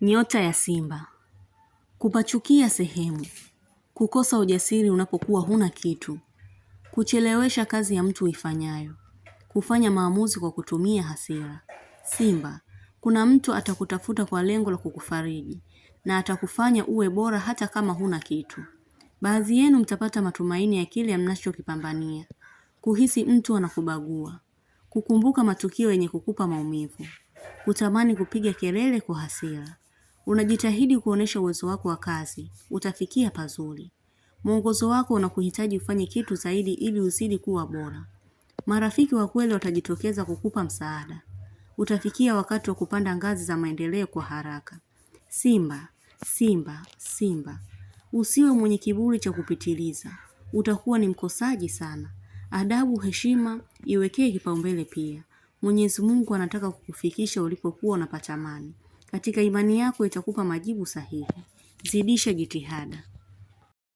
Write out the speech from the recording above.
Nyota ya Simba: kupachukia sehemu, kukosa ujasiri unapokuwa huna kitu, kuchelewesha kazi ya mtu ifanyayo kufanya maamuzi kwa kutumia hasira. Simba: kuna mtu atakutafuta kwa lengo la kukufariji na atakufanya uwe bora hata kama huna kitu. Baadhi yenu mtapata matumaini ya kile mnachokipambania. Kuhisi mtu anakubagua, kukumbuka matukio yenye kukupa maumivu, kutamani kupiga kelele kwa hasira. Unajitahidi kuonesha uwezo wako wa kazi, utafikia pazuri. Mwongozo wako unakuhitaji ufanye kitu zaidi ili uzidi kuwa bora. Marafiki wa kweli watajitokeza kukupa msaada. Utafikia wakati wa kupanda ngazi za maendeleo kwa haraka. Simba, simba, simba. Usiwe mwenye kiburi cha kupitiliza. Utakuwa ni mkosaji sana. Adabu, heshima iwekee kipaumbele pia. Mwenyezi Mungu anataka kukufikisha ulipokuwa unapatamani katika imani yako itakupa majibu sahihi. Zidisha jitihada.